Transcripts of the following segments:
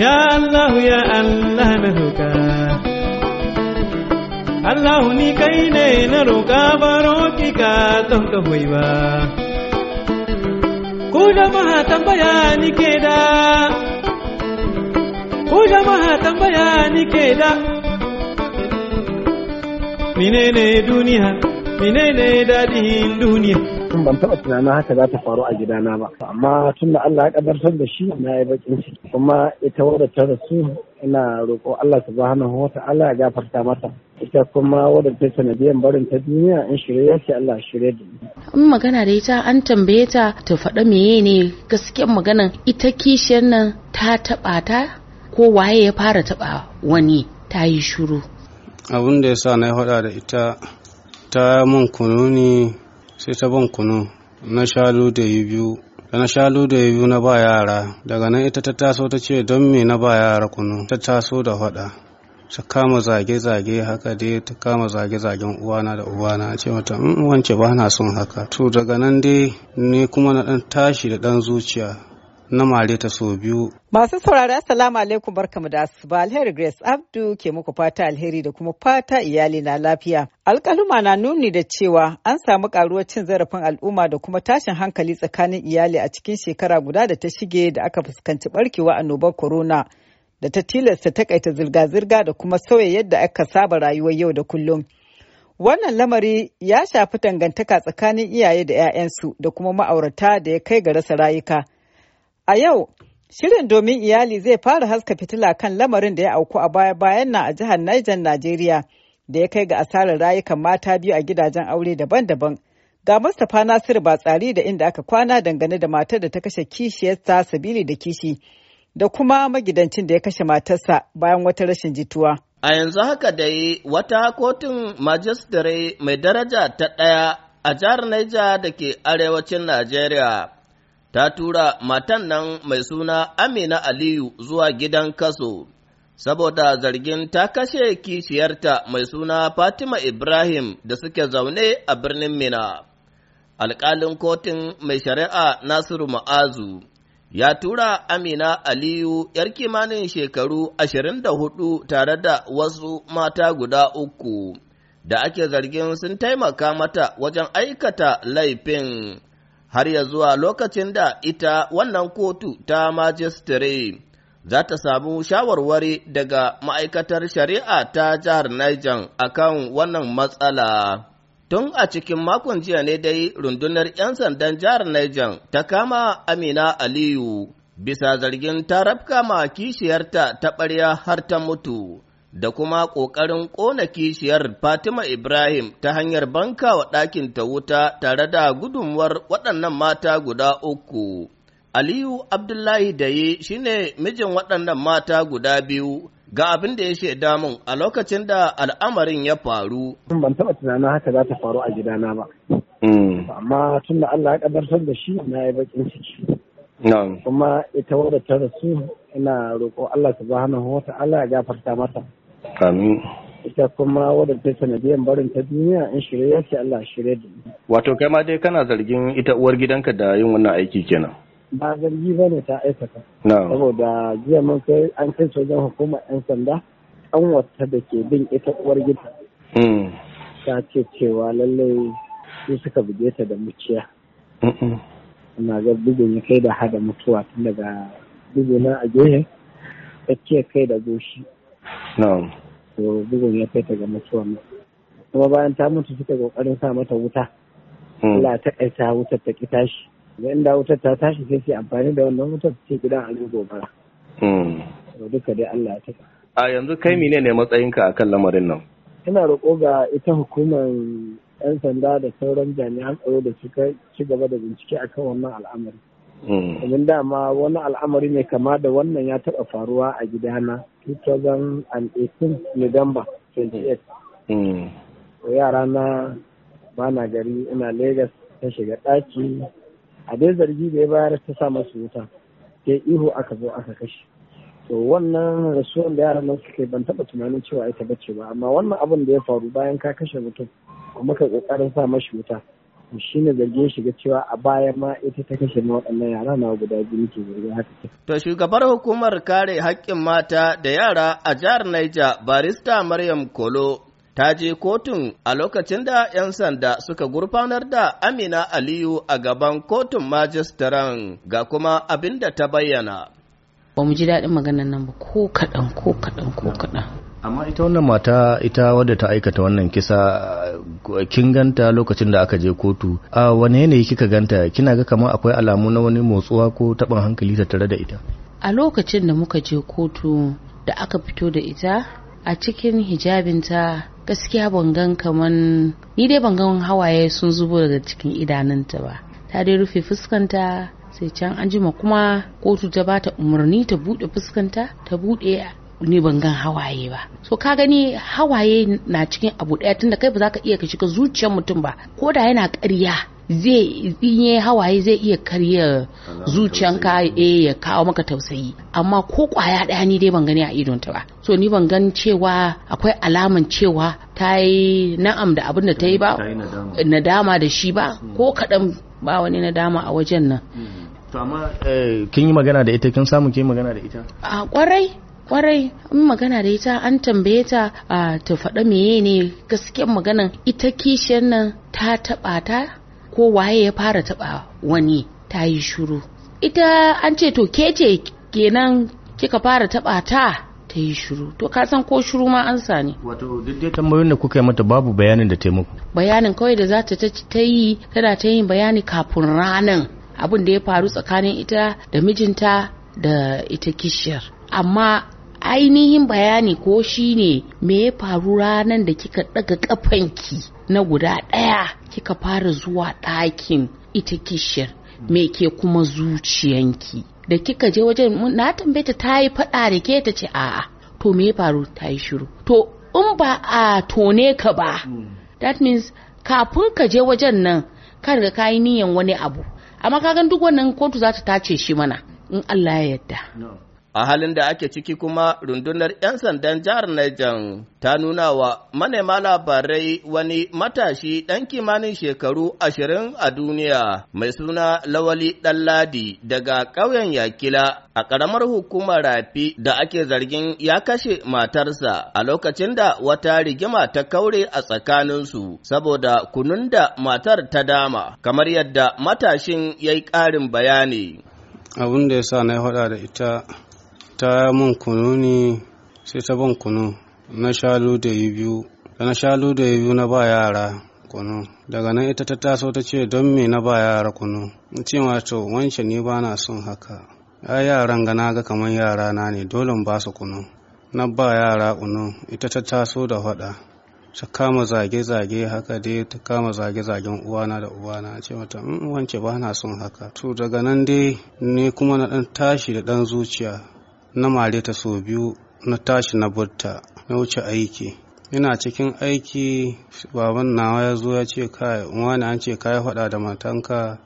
Ya Allah ya Allah na roƙa Allah ni kai ne na roƙa baro ki ka don ka hoyi ba Ku jama'a tambaya ni ke da ni ke da duniya dadin duniya tun ban taɓa tunanin haka za ta faru a gidana ba amma tun da Allah ya kadartar da shi na yi bakin ciki kuma ita wadda ta rasu ina roƙo Allah subhanahu wa Allah ya gafarta mata ita kuma wadda ta sanadiyan barin ta duniya in shirye yake Allah shirye da in magana da ita an tambaye ta ta faɗa meye ne gaskiyar maganan ita kishiyar nan ta taɓa ta ko waye ya fara taɓa wani ta yi shuru abin da ya sa na faɗa da ita ta mun kunu ne sai ta ban kunu na shalu da biyu da na shalu da biyu na ba yara daga nan ita ta taso ta ce don me na ba yara kunu ta taso da faɗa ta kama zage-zage haka dai ta kama zage-zagen uwana da ubana ce mata in mm, wance ba na son haka to daga nan dai ne kuma na ɗan tashi da ɗan zuciya na mare ta so biyu. Masu saurari assalamu alaikum barkamu da asuba alheri Grace Abdu ke muku fata alheri da kuma fata iyali na lafiya. Alkaluma na nuni da cewa an samu karuwar cin zarafin al'umma da kuma tashin hankali tsakanin iyali a cikin shekara guda da ta shige da aka fuskanci barkewa annobar corona da ta tilasta takaita zirga-zirga da kuma sauya yadda aka saba rayuwar yau da kullum. Wannan lamari ya shafi dangantaka tsakanin iyaye da 'ya'yansu da kuma ma'aurata da ya kai ga rasa rayuka. A yau, shirin domin iyali zai fara haska fitila kan lamarin da ya auku a baya-bayan nan a jihar Niger, Najeriya, da ya kai ga asarar rayukan mata biyu a gidajen aure daban-daban. Ga Mustapha Nasiru tsari da inda aka kwana dangane da matar da ta kashe kishiyarsa Sabili da kishi, da kuma magidancin da ya kashe matarsa bayan wata rashin jituwa. A yanzu haka dai wata kotun majistare mai daraja ta ɗaya a jihar Niger da ke arewacin Najeriya. ta tura matan nan mai suna Amina Aliyu zuwa gidan kaso, saboda zargin ta kashe kishiyarta mai suna Fatima Ibrahim da suke zaune a birnin Mina. Alƙalin kotun mai shari'a Nasiru Ma'azu ya tura Amina Aliyu ‘yar kimanin shekaru ashirin da hudu tare da wasu mata guda uku da ake zargin sun taimaka mata wajen aikata laifin. har ya zuwa lokacin da ita wannan kotu ta majistare za ta samu shawarwari daga ma'aikatar shari'a ta jihar Niger kan wannan matsala. Tun a cikin makon jiya ne dai rundunar 'yan sandan jihar Niger ta kama Amina Aliyu bisa zargin ta rafka ma kishiyarta ta ɓarya har ta mutu. da kuma ƙoƙarin ƙona kishiyar Fatima Ibrahim ta hanyar banka wa ɗakin ta wuta tare da gudunmuwar waɗannan mata guda uku. Aliyu Abdullahi Daye shi ne mijin waɗannan mata guda biyu ga abin da ya shaida mun a lokacin da al'amarin ya faru. Ban taɓa tunanin haka za ta faru a gidana ba. Mm. Amma tun da Allah ya ƙadartar da shi na yi baƙin ciki. Kuma ita wadda ta rasu ina roƙo Allah subhanahu wa Allah ya gafarta mata. Amin. Ita kuma wadda ta sanadiyan barin ta duniya in shirye ya ce Allah shirye da Wato kai ma dai kana zargin ita uwar gidanka da yin wannan aiki kenan. Ba zargi bane ta aikata. Saboda jiya mun kai an kai sojan hukuma 'yan sanda an wata da ke bin ita uwar gida. Mm. Ta ce cewa lallai su suka buge ta da muciya. Na ga bugun ya kai da hada mutuwa tun daga buguna a gehe. Ta ce kai da goshi. na'am to bugun ya kai ta ga mutuwar kuma bayan ta mutu suka kokarin sa mata wuta hmm. Allah ta kai wutar ta ki tashi idan da wutar ta tashi sai sai amfani da wannan wutar ce gidan alin gobara hmm. to duka dai Allah ya taka a yanzu kai mine ne matsayinka akan lamarin nan ina roƙo ga ita hukumar 'yan sanda da sauran jami'an tsaro da suka ci gaba da bincike akan wannan al'amari Mm. domin dama wani al'amari mai kama da wannan ya taɓa faruwa a gidana 2018 November 28 yara na bana gari ina Legas ta shiga ɗaki a dai zargi da ya bayar ta sa masu wuta sai ihu aka zo aka kashe to wannan rasuwan da yaran nan suke ban taɓa tunanin cewa ita bace ba amma wannan abin da ya faru bayan ka kashe mutum kuma ka ƙoƙarin sa mashi wuta shi ne zargin shiga cewa a baya ma ita ta kashe ma waɗannan yara na guda biyu ke zargin haka. To shugabar hukumar kare haƙƙin mata da yara a jihar Niger, barista Maryam Kolo ta je kotun a lokacin da 'yan sanda suka gurfanar da Amina Aliyu a gaban kotun majistaran ga kuma abin da ta bayyana. Ba mu ji daɗin maganar nan ba ko kaɗan ko kaɗan ko kaɗan. amma ita wannan mata ita wadda ta aikata wannan kisa kin ganta lokacin da aka je kotu a wane yanayi kika ganta kina ga kamar akwai alamu na wani motsuwa ko taɓin hankali ta tare da ita a lokacin da muka je kotu da aka fito da ita a cikin hijabinta gaskiya ban gan kaman ni dai ban gan hawaye sun zubo daga cikin idanunta ba ta dai rufe fuskanta sai can an jima kuma kotu ta bata umarni ta bude fuskanta ta bude ni ban gan hawaye ba so ka gani hawaye na cikin abu daya tunda kai ba za ka iya ka shiga zuciyar mutum ba ko da yana ƙarya zai in hawaye zai iya karya zuciyanka eh ya kawo maka tausayi amma ko kwaya daya ni dai ban gani a idon ta ba so ni ban gan cewa akwai alaman cewa ta yi na'am da abin da ta yi ba nadama da shi ba hmm. ko kadan ba wani nadama a wajen nan hmm. to amma eh, kin yi magana da ita kin samu kin magana da ita a kwarai kwarai in magana da ita an tambaye ta ta faɗa meye ne gaskiyar maganan ita kishiyar nan ta taɓa ta ko waye ya fara taɓa wani ta yi shuru ita an ce to ke ce kenan kika fara taɓa ta ta yi shuru to ka san ko shuru ma an sa ne wato duk dai tambayoyin da kuka yi mata babu bayanin da taimako bayanin kawai da za ta ta yi tana ta yin bayani kafin ranan abin da ya faru tsakanin ita da mijinta da ita kishiyar amma ainihin bayani ko shi ne me ya faru ranar da kika daga kafanki na guda ɗaya kika fara zuwa ɗakin ita kishir me ke kuma zuciyanki da kika je wajen na tambayeta ta yi faɗa da ke ta ce a'a to me ya faru ta yi shiru to in ba a tone ka ba that means kafin ka je wajen nan kan da ka yi niyan wani abu amma kagan duk wannan kotu za ta tace shi mana in Allah ya yarda. A halin da ake ciki kuma rundunar 'yan sandan jihar Niger ta nuna wa manema labarai wani matashi ɗan kimanin shekaru ashirin a duniya mai suna Lawali Ɗanladi daga ƙauyen Yakila a ƙaramar hukumar Rafi da ake zargin ya kashe matarsa a lokacin da wata rigima ta kaure a tsakaninsu saboda kunun da matar ta dama kamar yadda matashin ya yi ƙarin bayani. Abin da ya sa na faɗa da ita ta mun kunu ne sai ta ban kunu na da yi biyu da na da yi biyu na ba yara kunu daga nan ita ta taso ta ce don me na ba yara kunu in ce wato wancan ne ba na son haka ya yaran gana ga kamar yara na ne dole ba su kunu na ba yara kunu ita ta taso da faɗa ta kama zage-zage haka dai ta kama zage-zagen uwana da uwana ce mata mm, wance ba na son haka to daga nan dai ne kuma na ɗan tashi da ɗan zuciya na mare sau biyu na tashi na burta na wuce aiki ina cikin aiki baban nawa ya zo ya ce kai wani an ce kai faɗa da matanka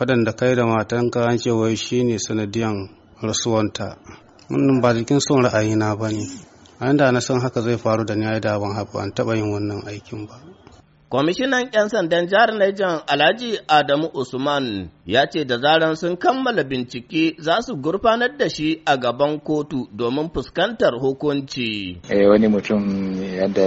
waɗanda kai da matanka an ce wai shi ne sanadiyan rasuwanta wannan ba jikin son ra'ayina ba ne a inda na san haka zai faru da ni ai da ban taɓa yin wannan aikin ba Kwamishinan 'yan sandan jihar Niger Alhaji Adamu Usman ya ce da zaran sun kammala bincike za su gurfanar da shi a gaban kotu domin fuskantar hukunci. Eh, wani mutum yadda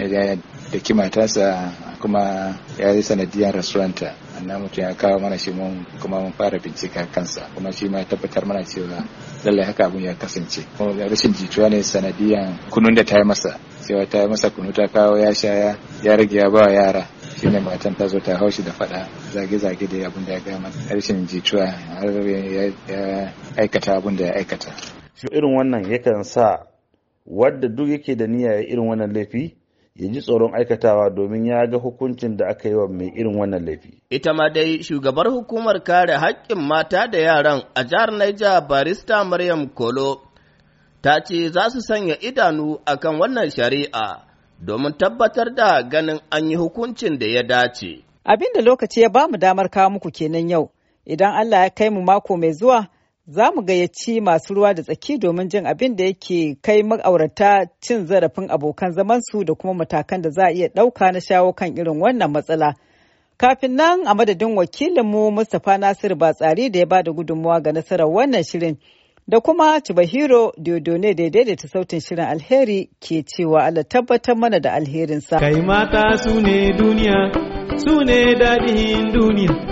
ya da kimatarsa kuma ya yi sanadiyar rasuwanta annan mutum ya kawo mana shi mun kuma mun fara bincika kansa kuma shi ma tabbatar mana cewa lallai haka abun ya kasance kuma rashin jituwa ne sanadiyan kunun da ta yi masa cewa ta yi masa kunu ta kawo ya sha ya rage ya ba yara shine matan ta zo ta haushi da fada zage-zage da abin da ya gama rashin jituwa har ya aikata abin da ya aikata. irin wannan yakan sa wadda duk yake da niyya irin wannan laifi ya ji tsoron aikatawa domin ya ga hukuncin da aka yi wa mai irin wannan laifi. Ita ma dai shugabar hukumar kare haƙƙin mata da yaran a jihar Naija barista Maryam Kolo ta ce za su sanya idanu akan wannan shari'a domin tabbatar da ganin an yi hukuncin da ya dace. Abin da lokaci ya ba mu damar kawo muku kenan yau, idan Allah ya kai mu mako mai zuwa za mu gayyaci masu ruwa da tsaki domin jin abin da yake kai ma'aurata cin zarafin abokan zamansu da kuma matakan da za a iya ɗauka na shawo kan irin wannan matsala. Kafin nan a madadin wakilinmu Mustapha Nasiru Batsari da ya ba da gudunmawa ga nasarar wannan shirin da kuma Chibahiro Diodone da daidaita sautin shirin alheri ke cewa Allah tabbatar mana da alherinsa. Kai mata su ne duniya, su ne daɗin duniya.